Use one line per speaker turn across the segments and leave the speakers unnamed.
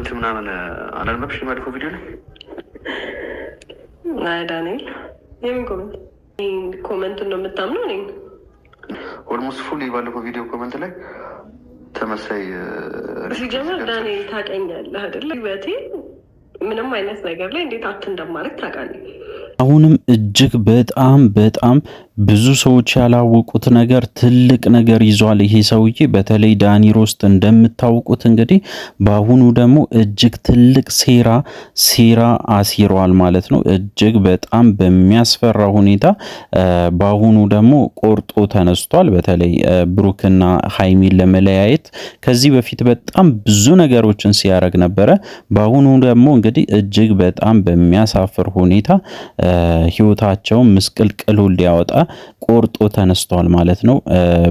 አንቺ ምናምን አላልመብሽ ያልኩህ ቪዲዮ
ላይ አይ ዳንኤል የምን ኮመንት ኮመንት ነው የምታምነው? እኔ
ኦልሞስት ፉል ባለፈው ቪዲዮ ኮመንት ላይ ተመሳይ
ሲጀምር ዳንኤል ታውቀኛለህ አይደለ? በቴ ምንም አይነት ነገር ላይ እንዴት አት እንደማድረግ ታውቃለህ።
አሁንም እጅግ በጣም በጣም ብዙ ሰዎች ያላወቁት ነገር ትልቅ ነገር ይዟል። ይሄ ሰውዬ በተለይ ዳኒ ሮስት እንደምታውቁት እንግዲህ በአሁኑ ደግሞ እጅግ ትልቅ ሴራ ሴራ አሲሯል ማለት ነው። እጅግ በጣም በሚያስፈራ ሁኔታ በአሁኑ ደግሞ ቆርጦ ተነስቷል። በተለይ ብሩክና ሀይሚን ለመለያየት ከዚህ በፊት በጣም ብዙ ነገሮችን ሲያደርግ ነበረ። በአሁኑ ደግሞ እንግዲህ እጅግ በጣም በሚያሳፍር ሁኔታ ህይወታቸውን ምስቅልቅሉ ሊያወጣ ቆርጦ ተነስቷል ማለት ነው።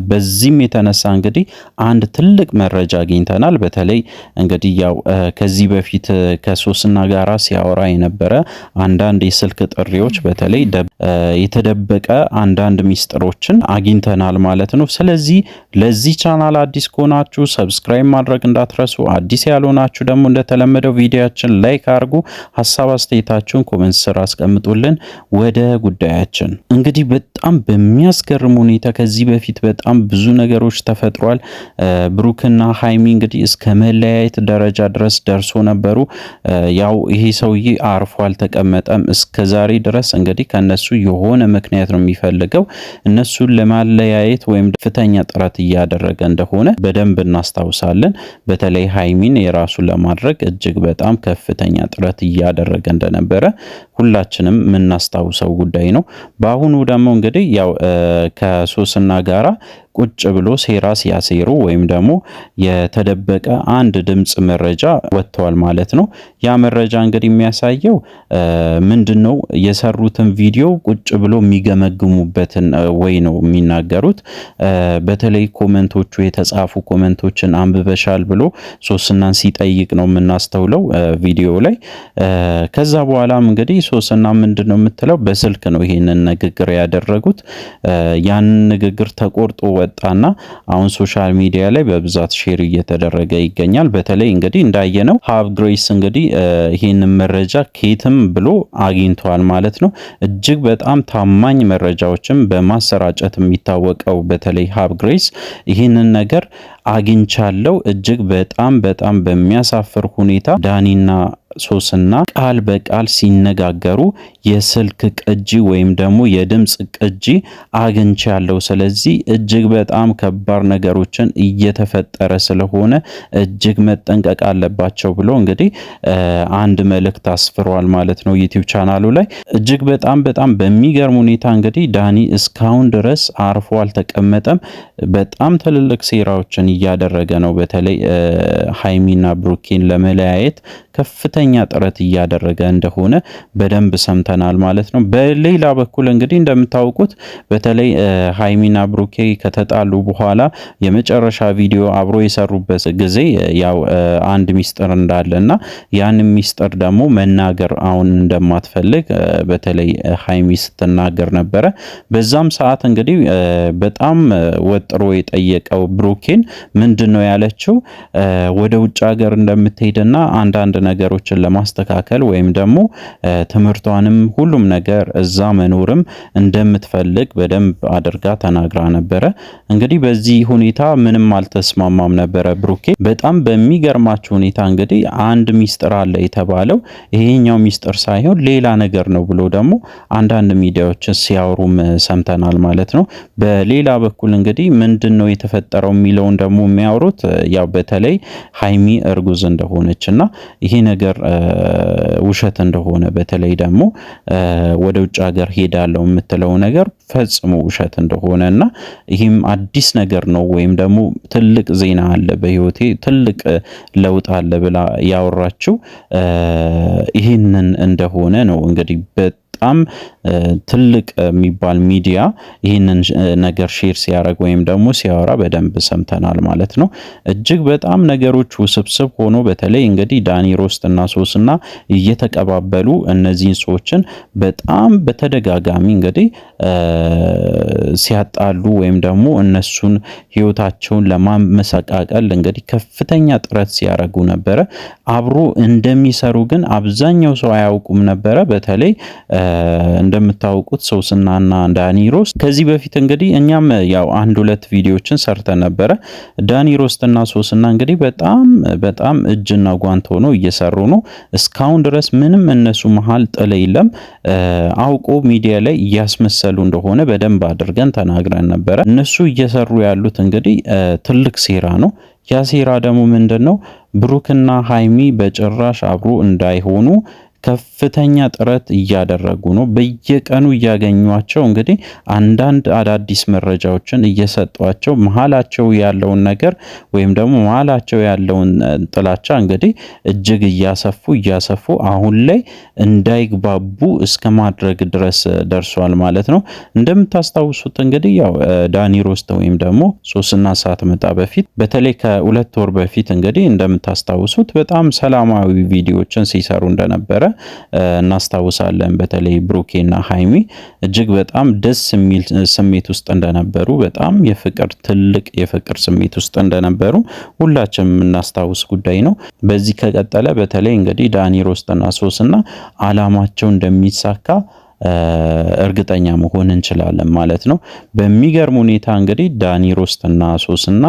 በዚህም የተነሳ እንግዲህ አንድ ትልቅ መረጃ አግኝተናል። በተለይ እንግዲህ ያው ከዚህ በፊት ከሶስና ጋራ ሲያወራ የነበረ አንዳንድ የስልክ ጥሪዎች በተለይ የተደበቀ አንዳንድ ሚስጥሮችን አግኝተናል ማለት ነው። ስለዚህ ለዚህ ቻናል አዲስ ከሆናችሁ ሰብስክራይብ ማድረግ እንዳትረሱ። አዲስ ያልሆናችሁ ደግሞ እንደተለመደው ቪዲዮችን ላይክ አድርጉ። ሀሳብ አስተያየታችሁን ኮመንት ስር አስቀምጡ። ጨርሶልን ወደ ጉዳያችን እንግዲህ በጣም በሚያስገርም ሁኔታ ከዚህ በፊት በጣም ብዙ ነገሮች ተፈጥሯል። ብሩክና ሀይሚ እንግዲህ እስከ መለያየት ደረጃ ድረስ ደርሶ ነበሩ። ያው ይሄ ሰውዬ አርፎ አልተቀመጠም። እስከ ዛሬ ድረስ እንግዲህ ከነሱ የሆነ ምክንያት ነው የሚፈልገው እነሱን ለማለያየት ወይም ከፍተኛ ጥረት እያደረገ እንደሆነ በደንብ እናስታውሳለን። በተለይ ሀይሚን የራሱ ለማድረግ እጅግ በጣም ከፍተኛ ጥረት እያደረገ እንደነበረ ሁላችንም የምናስታውሰው ጉዳይ ነው። በአሁኑ ደግሞ እንግዲህ ያው ከሶስና ጋራ ቁጭ ብሎ ሴራ ሲያሴሩ ወይም ደግሞ የተደበቀ አንድ ድምፅ መረጃ ወጥተዋል ማለት ነው። ያ መረጃ እንግዲህ የሚያሳየው ምንድን ነው? የሰሩትን ቪዲዮ ቁጭ ብሎ የሚገመግሙበትን ወይ ነው የሚናገሩት። በተለይ ኮመንቶቹ የተጻፉ ኮመንቶችን አንብበሻል ብሎ ሶስናን ሲጠይቅ ነው የምናስተውለው ቪዲዮ ላይ። ከዛ በኋላም እንግዲህ ሶስና ምንድ ነው የምትለው በስልክ ነው ይሄንን ንግግር ያደረጉት። ያንን ንግግር ተቆርጦ ወጣና አሁን ሶሻል ሚዲያ ላይ በብዛት ሼር እየተደረገ ይገኛል። በተለይ እንግዲህ እንዳየነው ሀብ ግሬስ እንግዲህ ይህንን መረጃ ኬትም ብሎ አግኝተዋል ማለት ነው። እጅግ በጣም ታማኝ መረጃዎችን በማሰራጨት የሚታወቀው በተለይ ሀብ ግሬስ ይህንን ነገር አግኝቻለው እጅግ በጣም በጣም በሚያሳፍር ሁኔታ ዳኒና ሶስና ቃል በቃል ሲነጋገሩ የስልክ ቅጂ ወይም ደግሞ የድምፅ ቅጂ አግኝቻ ያለው። ስለዚህ እጅግ በጣም ከባድ ነገሮችን እየተፈጠረ ስለሆነ እጅግ መጠንቀቅ አለባቸው ብሎ እንግዲህ አንድ መልእክት አስፍሯል ማለት ነው ዩቲዩብ ቻናሉ ላይ። እጅግ በጣም በጣም በሚገርም ሁኔታ እንግዲህ ዳኒ እስካሁን ድረስ አርፎ አልተቀመጠም። በጣም ትልልቅ ሴራዎችን እያደረገ ነው። በተለይ ሀይሚና ብሩኬን ለመለያየት ከፍተኛ ጥረት እያደረገ እንደሆነ በደንብ ሰምተናል ማለት ነው። በሌላ በኩል እንግዲህ እንደምታውቁት በተለይ ሀይሚና ብሩኬ ከተጣሉ በኋላ የመጨረሻ ቪዲዮ አብሮ የሰሩበት ጊዜ ያው አንድ ሚስጥር እንዳለ እና ያንም ሚስጥር ደግሞ መናገር አሁን እንደማትፈልግ በተለይ ሀይሚ ስትናገር ነበረ። በዛም ሰዓት እንግዲህ በጣም ወጥሮ የጠየቀው ብሩኬን ምንድን ነው ያለችው ወደ ውጭ ሀገር እንደምትሄድና አንዳንድ ነገሮችን ለማስተካከል ወይም ደግሞ ትምህርቷንም ሁሉም ነገር እዛ መኖርም እንደምትፈልግ በደንብ አድርጋ ተናግራ ነበረ። እንግዲህ በዚህ ሁኔታ ምንም አልተስማማም ነበረ ብሩኬ። በጣም በሚገርማችሁ ሁኔታ እንግዲህ አንድ ሚስጥር አለ የተባለው ይሄኛው ሚስጥር ሳይሆን ሌላ ነገር ነው ብሎ ደግሞ አንዳንድ ሚዲያዎች ሲያወሩም ሰምተናል ማለት ነው። በሌላ በኩል እንግዲህ ምንድን ነው የተፈጠረው የሚለውን ደግሞ የሚያወሩት ያው በተለይ ሀይሚ እርጉዝ እንደሆነች እና ይሄ ይሄ ነገር ውሸት እንደሆነ በተለይ ደግሞ ወደ ውጭ ሀገር ሄዳለው የምትለው ነገር ፈጽሞ ውሸት እንደሆነ እና ይህም አዲስ ነገር ነው ወይም ደግሞ ትልቅ ዜና አለ በህይወቴ ትልቅ ለውጥ አለ ብላ ያወራችው ይህንን እንደሆነ ነው እንግዲህ በጣም ትልቅ የሚባል ሚዲያ ይህንን ነገር ሼር ሲያደርግ ወይም ደግሞ ሲያወራ በደንብ ሰምተናል ማለት ነው። እጅግ በጣም ነገሮች ውስብስብ ሆኖ በተለይ እንግዲህ ዳኒ ሮስት እና ሶስና እየተቀባበሉ እነዚህን ሰዎችን በጣም በተደጋጋሚ እንግዲህ ሲያጣሉ ወይም ደግሞ እነሱን ህይወታቸውን ለማመሰቃቀል እንግዲህ ከፍተኛ ጥረት ሲያደርጉ ነበረ። አብሮ እንደሚሰሩ ግን አብዛኛው ሰው አያውቁም ነበረ በተለይ እንደምታውቁት ሶስናና ዳኒ ሮስት ከዚህ በፊት እንግዲህ እኛም ያው አንድ ሁለት ቪዲዮችን ሰርተን ነበረ። ዳኒ ሮስትና ሶስና እንግዲህ በጣም በጣም እጅና ጓንት ሆኖ እየሰሩ ነው። እስካሁን ድረስ ምንም እነሱ መሀል ጥል የለም። አውቆ ሚዲያ ላይ እያስመሰሉ እንደሆነ በደንብ አድርገን ተናግረን ነበረ። እነሱ እየሰሩ ያሉት እንግዲህ ትልቅ ሴራ ነው። ያ ሴራ ደግሞ ምንድን ነው? ብሩክና ሃይሚ በጭራሽ አብሮ እንዳይሆኑ ከፍተኛ ጥረት እያደረጉ ነው። በየቀኑ እያገኟቸው እንግዲህ አንዳንድ አዳዲስ መረጃዎችን እየሰጧቸው መሀላቸው ያለውን ነገር ወይም ደግሞ መሀላቸው ያለውን ጥላቻ እንግዲህ እጅግ እያሰፉ እያሰፉ አሁን ላይ እንዳይግባቡ እስከ ማድረግ ድረስ ደርሷል ማለት ነው። እንደምታስታውሱት እንግዲህ ያው ዳኒ ሮስተ ወይም ደግሞ ሶስትና ሰዓት መጣ በፊት በተለይ ከሁለት ወር በፊት እንግዲህ እንደምታስታውሱት በጣም ሰላማዊ ቪዲዮዎችን ሲሰሩ እንደነበረ እናስታውሳለን። በተለይ ብሩኬና ሀይሚ እጅግ በጣም ደስ የሚል ስሜት ውስጥ እንደነበሩ፣ በጣም የፍቅር ትልቅ የፍቅር ስሜት ውስጥ እንደነበሩ ሁላችንም የምናስታውስ ጉዳይ ነው። በዚህ ከቀጠለ በተለይ እንግዲህ ዳኒ ሮስትና ሶስና አላማቸው እንደሚሳካ እርግጠኛ መሆን እንችላለን ማለት ነው። በሚገርም ሁኔታ እንግዲህ ዳኒ ሮስትና ሶስና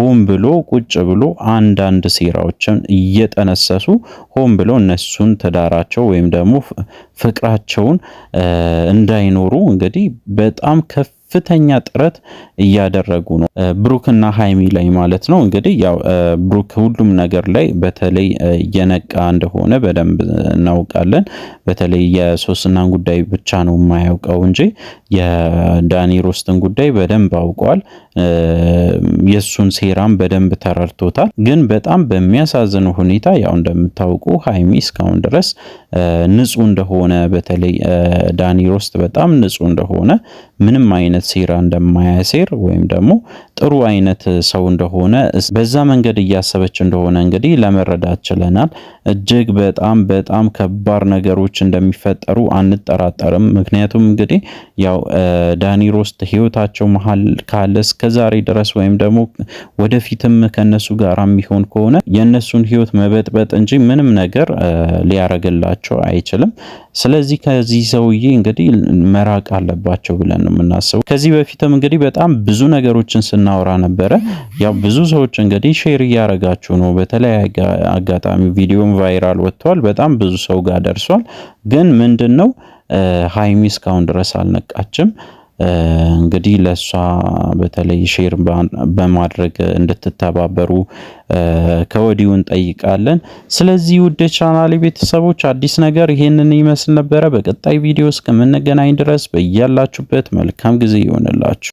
ሆን ብሎ ቁጭ ብሎ አንዳንድ ሴራዎችን እየጠነሰሱ ሆን ብሎ እነሱን ትዳራቸው ወይም ደግሞ ፍቅራቸውን እንዳይኖሩ እንግዲህ በጣም ከፍ ከፍተኛ ጥረት እያደረጉ ነው፣ ብሩክና ሀይሚ ላይ ማለት ነው። እንግዲህ ያው ብሩክ ሁሉም ነገር ላይ በተለይ እየነቃ እንደሆነ በደንብ እናውቃለን። በተለይ የሶስናን ጉዳይ ብቻ ነው የማያውቀው እንጂ የዳኒ ሮስትን ጉዳይ በደንብ አውቋል። የእሱን ኪራም በደንብ ተረድቶታል። ግን በጣም በሚያሳዝን ሁኔታ ያው እንደምታውቁ ሀይሚ እስካሁን ድረስ ንጹህ እንደሆነ በተለይ ዳኒ ሮስት በጣም ንጹህ እንደሆነ ምንም አይነት ሴራ እንደማያሴር ወይም ደግሞ ጥሩ አይነት ሰው እንደሆነ በዛ መንገድ እያሰበች እንደሆነ እንግዲህ ለመረዳት ችለናል። እጅግ በጣም በጣም ከባድ ነገሮች እንደሚፈጠሩ አንጠራጠርም። ምክንያቱም እንግዲህ ያው ዳኒ ሮስት ህይወታቸው መሀል ካለ እስከዛሬ ድረስ ወይም ደግሞ ወደፊትም ከነሱ ጋር የሚሆን ከሆነ የእነሱን ህይወት መበጥበጥ እንጂ ምንም ነገር ሊያረግላቸው አይችልም። ስለዚህ ከዚህ ሰውዬ እንግዲህ መራቅ አለባቸው ብለን ነው የምናስበው። ከዚህ በፊትም እንግዲህ በጣም ብዙ ነገሮችን ስና ስናወራ ነበረ። ያው ብዙ ሰዎች እንግዲህ ሼር እያረጋችሁ ነው። በተለያየ አጋጣሚ ቪዲዮም ቫይራል ወጥቷል፣ በጣም ብዙ ሰው ጋር ደርሷል። ግን ምንድን ነው ሀይሚ እስካሁን ድረስ አልነቃችም። እንግዲህ ለእሷ በተለይ ሼር በማድረግ እንድትተባበሩ ከወዲሁ እንጠይቃለን። ስለዚህ ውድ ቻናል ቤተሰቦች አዲስ ነገር ይሄንን ይመስል ነበረ። በቀጣይ ቪዲዮ እስከምንገናኝ ድረስ በያላችሁበት መልካም ጊዜ ይሆንላችሁ።